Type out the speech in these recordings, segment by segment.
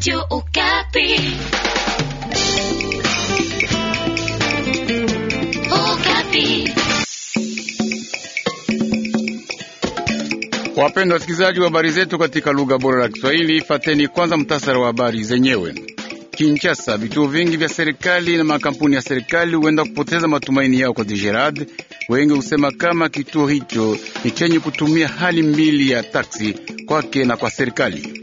Radio Okapi. Okapi. Wapendwa wasikilizaji wa habari zetu katika lugha bora la Kiswahili, fateni kwanza mtasari wa habari zenyewe. Kinshasa, vituo vingi vya serikali na makampuni ya serikali huenda kupoteza matumaini yao kwa Dijerad. Wengi husema kama kituo hicho ni chenye kutumia hali mbili ya taksi kwake na kwa serikali.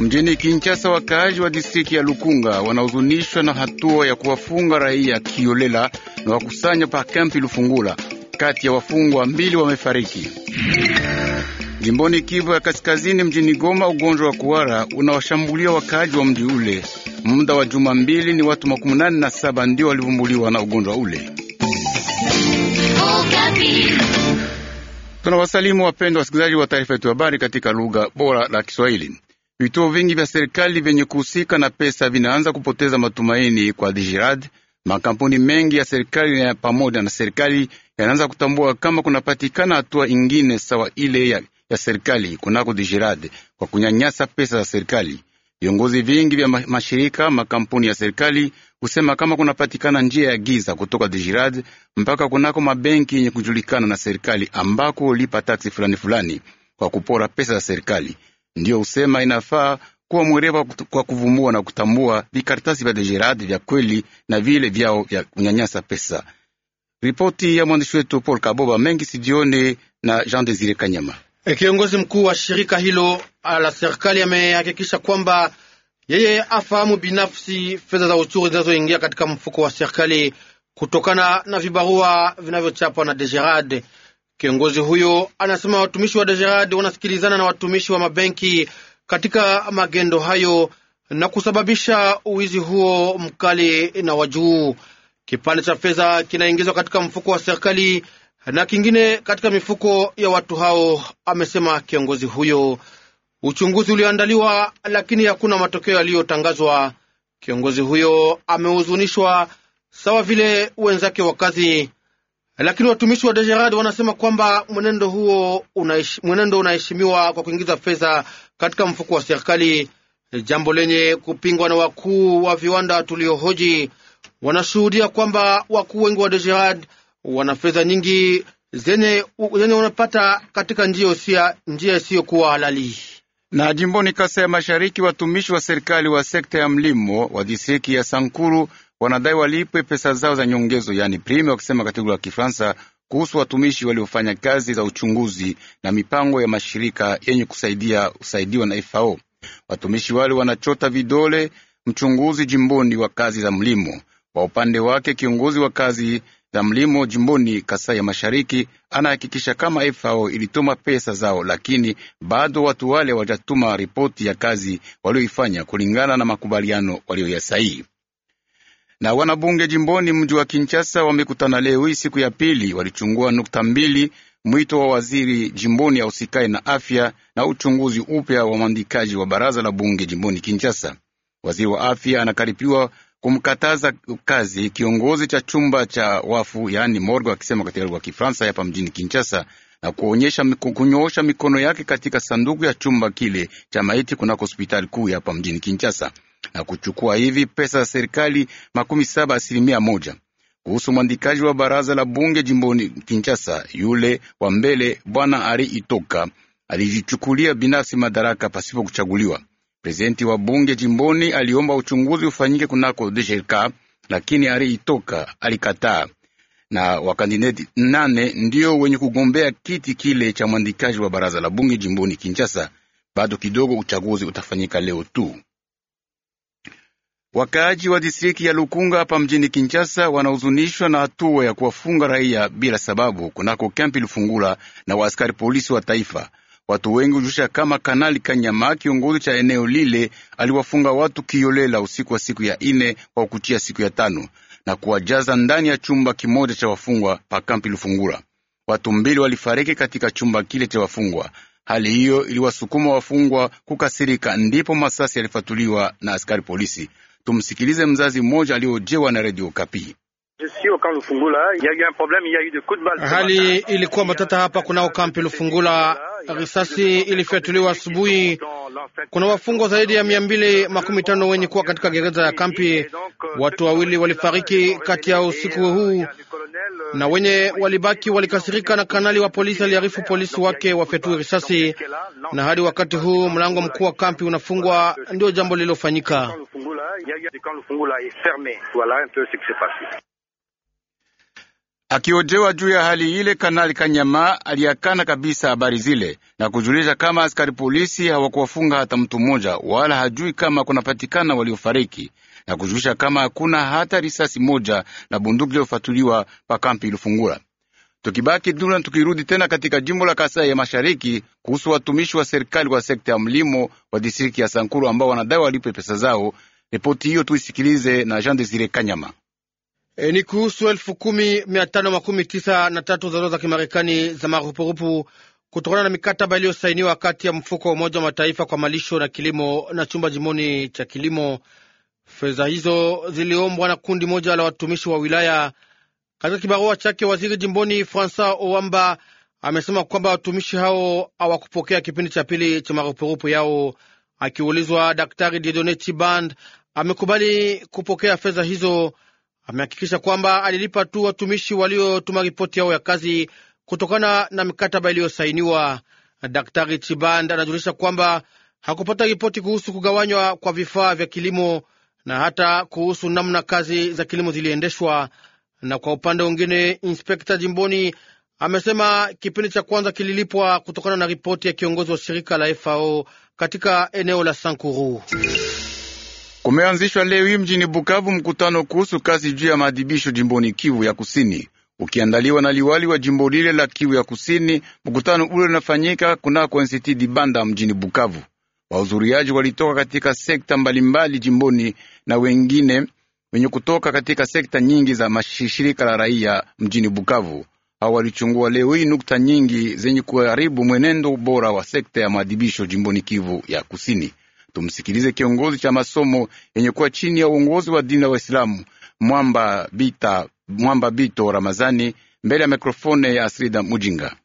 Mjini Kinshasa, wakaaji wa distriki ya Lukunga wanahuzunishwa na hatua ya kuwafunga raia kiolela na wakusanya pa kampi Lufungula. Kati ya wafungwa mbili wamefariki. Jimboni Kivu ya Kaskazini, mjini Goma, ugonjwa wa kuhara unawashambulia wakaaji wa mji ule. Muda wa juma mbili ni watu makumi nane na saba ndio walivumbuliwa na ugonjwa ule. Tunawasalimu wapendwa wasikilizaji wa taarifa yetu habari katika lugha bora la Kiswahili. Vituo vingi vya serikali vyenye kuhusika na pesa vinaanza kupoteza matumaini kwa dijirad. Makampuni mengi ya serikali na pamoja na serikali yanaanza kutambua kama kunapatikana hatua ingine sawa ile ya, ya serikali kunako dijirad kwa kunyanyasa pesa za serikali. Viongozi vingi vya mashirika makampuni ya serikali husema kama kunapatikana njia ya giza kutoka dijirad mpaka kunako mabenki yenye kujulikana na serikali ambako ulipa taksi fulani fulani kwa kupora pesa za serikali. Ndiyo usema inafaa kuwa mwerewa kwa kuvumbua na kutambua vikaratasi vya dejeradi vya kweli na vile vyao vya kunyanyasa pesa. Ripoti ya mwandishi wetu Paul Kaboba mengi sijione na Jean Desire Kanyama. Eh, kiongozi mkuu wa shirika hilo la serikali amehakikisha kwamba yeye afahamu binafsi fedha za uchuru zinazoingia katika mfuko wa serikali kutokana na vibarua vinavyochapwa na Dejerade. Kiongozi huyo anasema watumishi wa Dejerad wanasikilizana na watumishi wa mabenki katika magendo hayo na kusababisha uwizi huo mkali na wa juu. Kipande cha fedha kinaingizwa katika mfuko wa serikali na kingine katika mifuko ya watu hao, amesema kiongozi huyo. Uchunguzi ulioandaliwa, lakini hakuna matokeo yaliyotangazwa. Kiongozi huyo amehuzunishwa sawa vile wenzake wa kazi. Lakini watumishi wa Dejerad wanasema kwamba mwenendo huo unaish, mwenendo unaheshimiwa kwa kuingiza fedha katika mfuko wa serikali, jambo lenye kupingwa na wakuu wa viwanda tuliohoji. Wanashuhudia kwamba wakuu wengi wa Dejerad wana fedha nyingi zenye, zenye wanapata katika njia isiyokuwa halali. Na jimboni Kasa ya Mashariki, watumishi wa serikali wa sekta ya mlimo wa distrikti ya Sankuru wanadai walipwe pesa zao za nyongezo, yani prime, wakisema katika lugha ya Kifaransa kuhusu watumishi waliofanya kazi za uchunguzi na mipango ya mashirika yenye kusaidia usaidiwa na FAO. Watumishi wale wanachota vidole mchunguzi jimboni wa kazi za mlimo. Kwa upande wake, kiongozi wa kazi za mlimo jimboni Kasai ya Mashariki anahakikisha kama FAO ilituma pesa zao, lakini bado watu wale wajatuma ripoti ya kazi walioifanya kulingana na makubaliano walioyasaini na wanabunge jimboni mji wa Kinshasa wamekutana leo hii siku ya pili, walichungua nukta mbili mwito wa waziri jimboni ya usikai na afya na uchunguzi upya wa mwandikaji wa baraza la bunge jimboni Kinshasa. Waziri wa afya anakaripiwa kumkataza kazi kiongozi cha chumba cha wafu yaani morgue, akisema katika lugha ya Kifaransa hapa mjini Kinshasa na kuonyesha kunyoosha mikono yake katika sanduku ya chumba kile cha maiti kunako hospitali kuu hapa mjini Kinshasa na kuchukua hivi pesa za serikali makumi saba asilimia moja. Kuhusu mwandikaji wa baraza la bunge jimboni Kinshasa, yule wa mbele bwana Ari Itoka alijichukulia binafsi madaraka pasipo kuchaguliwa. Prezidenti wa bunge jimboni aliomba uchunguzi ufanyike kunako DGK, lakini aliitoka alikataa. Na wakandideti nane ndio wenye kugombea kiti kile cha mwandikaji wa baraza la bunge jimboni Kinshasa. Bado kidogo uchaguzi utafanyika leo tu. Wakaaji wa distriki ya Lukunga hapa mjini Kinshasa wanahuzunishwa na hatua ya kuwafunga raia bila sababu kunako kampi Lufungula na waaskari polisi wa taifa. Watu wengi hujusha kama Kanali Kanyama, kiongozi cha eneo lile, aliwafunga watu kiolela usiku wa siku ya ine kwa kuchia siku ya tano na kuwajaza ndani ya chumba kimoja cha wafungwa pa kampi Lufungura. Watu mbili walifariki katika chumba kile cha wafungwa. Hali hiyo iliwasukuma wafungwa kukasirika, ndipo masasi yalifatuliwa na askari polisi. Tumsikilize mzazi mmoja aliojewa na redio Kapi. Hali ilikuwa matata hapa kunao kampi Lufungula. Risasi ilifyatuliwa asubuhi. Kuna wafungwa zaidi ya mia mbili makumi tano wenye kuwa katika gereza ya kampi. Watu wawili walifariki kati ya usiku huu na wenye walibaki walikasirika, na kanali wa polisi aliarifu polisi wake wafyatue risasi, na hadi wakati huu mlango mkuu wa kampi unafungwa. Ndio jambo lililofanyika. Akiojewa juu ya hali ile, Kanali Kanyama aliakana kabisa habari zile na kujulisha kama askari polisi hawakuwafunga hata mtu mmoja, wala hajui kama kunapatikana waliofariki na kujulisha kama hakuna hata risasi moja na bunduki iliyofatuliwa pa kampi Ilufungura. Tukibaki duna, tukirudi tena katika jimbo la Kasai ya Mashariki kuhusu watumishi wa serikali wa sekta ya mlimo wa distrikti ya Sankuru ambao wanadai walipe pesa zao. Ripoti hiyo tuisikilize na Jean Desire Kanyama. E, ni kuhusu elfu kumi mia tano makumi tisa na tatu za dola za Kimarekani za marupurupu kutokana na mikataba iliyosainiwa kati ya mfuko wa Umoja wa Mataifa kwa malisho na kilimo na chumba jimoni cha kilimo. Fedha hizo ziliombwa na kundi moja la watumishi wa wilaya. Katika kibarua chake, waziri jimboni Francois Owamba amesema kwamba watumishi hao hawakupokea kipindi cha pili cha marupurupu yao. Akiulizwa, Daktari Diedone Chiband amekubali kupokea fedha hizo amehakikisha kwamba alilipa tu watumishi waliotuma ripoti yao ya kazi kutokana na mikataba iliyosainiwa. Daktari Chiband anajulisha kwamba hakupata ripoti kuhusu kugawanywa kwa vifaa vya kilimo na hata kuhusu namna kazi za kilimo ziliendeshwa. Na kwa upande mwingine, inspekta jimboni amesema kipindi cha kwanza kililipwa kutokana na ripoti ya kiongozi wa shirika la FAO katika eneo la Sankuru umeanzishwa leo hii mjini Bukavu mkutano kuhusu kazi juu ya maadhibisho jimboni Kivu ya Kusini ukiandaliwa na liwali wa jimbo lile la Kivu ya Kusini. Mkutano ule unafanyika kunako NCT Dibanda mjini Bukavu. Wahudhuriaji walitoka katika sekta mbalimbali jimboni na wengine wenye kutoka katika sekta nyingi za mashirika la raia mjini Bukavu. Hao walichungua leo hii nukta nyingi zenye kuharibu mwenendo bora wa sekta ya maadhibisho jimboni Kivu ya Kusini. Tumsikilize kiongozi cha masomo yenye kuwa chini ya uongozi wa dini la Waislamu, Mwamba Bita Mwamba Bito Ramazani, mbele ya mikrofone ya Asrida Mujinga.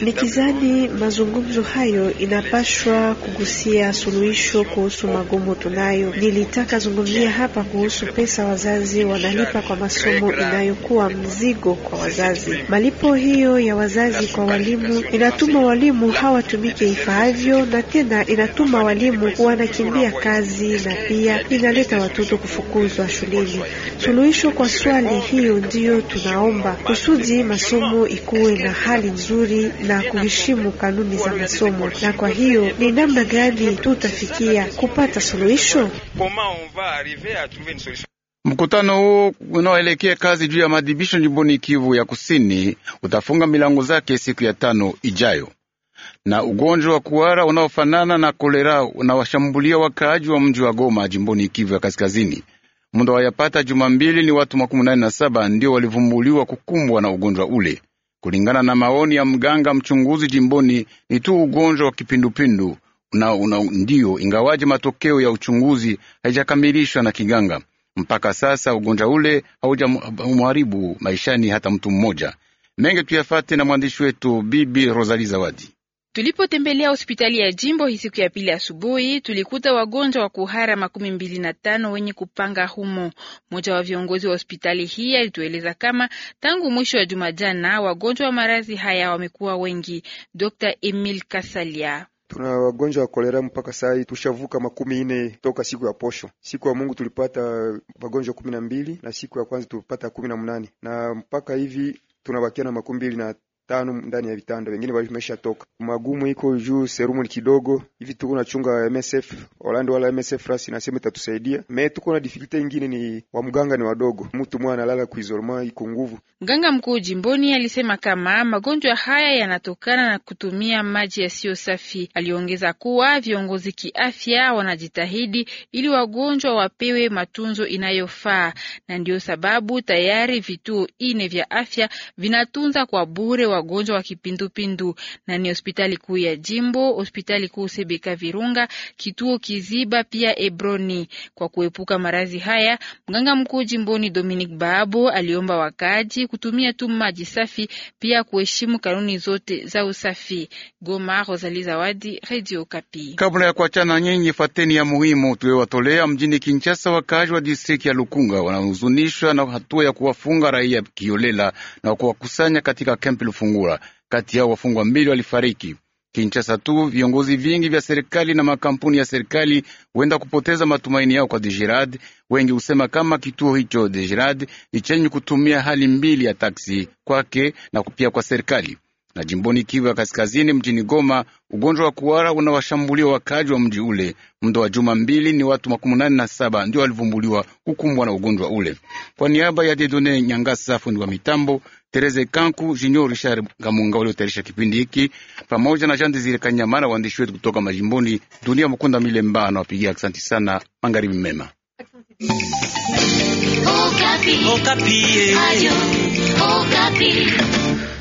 Nikizani mazungumzo hayo inapashwa kugusia suluhisho kuhusu magumu tunayo. Nilitaka zungumzia hapa kuhusu pesa wazazi wanalipa kwa masomo inayokuwa mzigo kwa wazazi. Malipo hiyo ya wazazi kwa walimu inatuma walimu hawatumike ifaavyo, na tena inatuma walimu wanakimbia kazi, na pia inaleta watoto kufukuzwa shuleni. Suluhisho kwa swali hiyo ndiyo tunaomba kusudi masomo iku uwe na hali nzuri na kuheshimu kanuni za masomo. Na kwa hiyo ni namna gani tutafikia kupata suluhisho? Mkutano huo unaoelekea kazi juu ya maadhibisho jimboni Kivu ya Kusini utafunga milango zake siku ya tano ijayo. Na ugonjwa wa kuhara unaofanana na kolera unawashambulia wakaaji wa mji wa Goma jimboni Kivu ya Kaskazini. Muda wayapata juma mbili, ni watu makumi nane na saba ndio walivumbuliwa kukumbwa na ugonjwa ule. Kulingana na maoni ya mganga mchunguzi jimboni, ni tu ugonjwa wa kipindupindu una, una, ndio ingawaje matokeo ya uchunguzi haijakamilishwa na kiganga mpaka sasa. Ugonjwa ule haujamharibu maishani hata mtu mmoja. Mengi tuyafate na mwandishi wetu Bibi rosali Zawadi. Tulipotembelea hospitali ya jimbo hii siku ya pili asubuhi, tulikuta wagonjwa wa kuhara makumi mbili na tano wenye kupanga humo. Mmoja wa viongozi wa hospitali hii alitueleza kama tangu mwisho wa juma jana wagonjwa wa maradhi haya wamekuwa wengi. Dr Emil Kasalia tuna wagonjwa wa kolera mpaka sai tushavuka makumi ine toka siku ya posho. Siku ya Mungu tulipata wagonjwa kumi na mbili na siku ya kwanza tulipata kumi na mnane na mpaka hivi tunabakia na makumi mbili na tano ndani ya vitanda, wengine wamesha toka. Magumu iko juu, serumu ni kidogo hivi, tuko na chunga MSF Orlando wala MSF Ras inasema itatusaidia me, tuko na difficulty nyingine ni wa mganga ni wadogo, mtu mwana analala kuizoroma iko nguvu. Mganga mkuu jimboni alisema kama magonjwa haya yanatokana na kutumia maji yasiyo safi. Aliongeza kuwa viongozi kiafya wanajitahidi ili wagonjwa wapewe matunzo inayofaa, na ndiyo sababu tayari vituo ine vya afya vinatunza kwa bure wa wagonjwa wa kipindupindu na ni hospitali kuu ya jimbo, hospitali kuu Sebeka Virunga, kituo Kiziba pia Ebroni. Kwa kuepuka maradhi haya, mganga mkuu jimboni Dominic Baabo aliomba wakaaji kutumia tu maji safi, pia kuheshimu kanuni zote za usafi. Goma, Rosalie Zawadi, Radio Kapi. Kabla ya kuachana nyinyi, fateni ya muhimu tuliowatolea mjini Kinshasa. Wakaaji wa distriki ya Lukunga wanahuzunishwa na hatua ya kuwafunga raia kiolela na kuwakusanya katika kempi Lufunga Mungura. Kati yao wafungwa mbili walifariki. kinchasa tu viongozi vingi vya serikali na makampuni ya serikali huenda kupoteza matumaini yao kwa Dejirad. Wengi husema kama kituo hicho Dejirad ni chenye kutumia hali mbili ya taksi kwake na pia kwa serikali. Na jimboni Kivu ya Kaskazini, mjini Goma, ugonjwa wa kuhara unawashambulia wakaji wa mji ule. Muda wa juma mbili ni watu makumi nane na saba ndio walivumbuliwa kukumbwa na ugonjwa ule. Kwa niaba ya Dedone Nyangasa, fundi wa mitambo Tereze Kanku Jinyo Richard Gamunga waliotayarisha kipindi hiki pamoja na Jean Desire Kanyamara, waandishi wetu kutoka majimboni. Dunia Mkunda Milemba anawapigia asanti sana. Magharibi mema. Okapi. Okapi. Eh. Ayu, Okapi.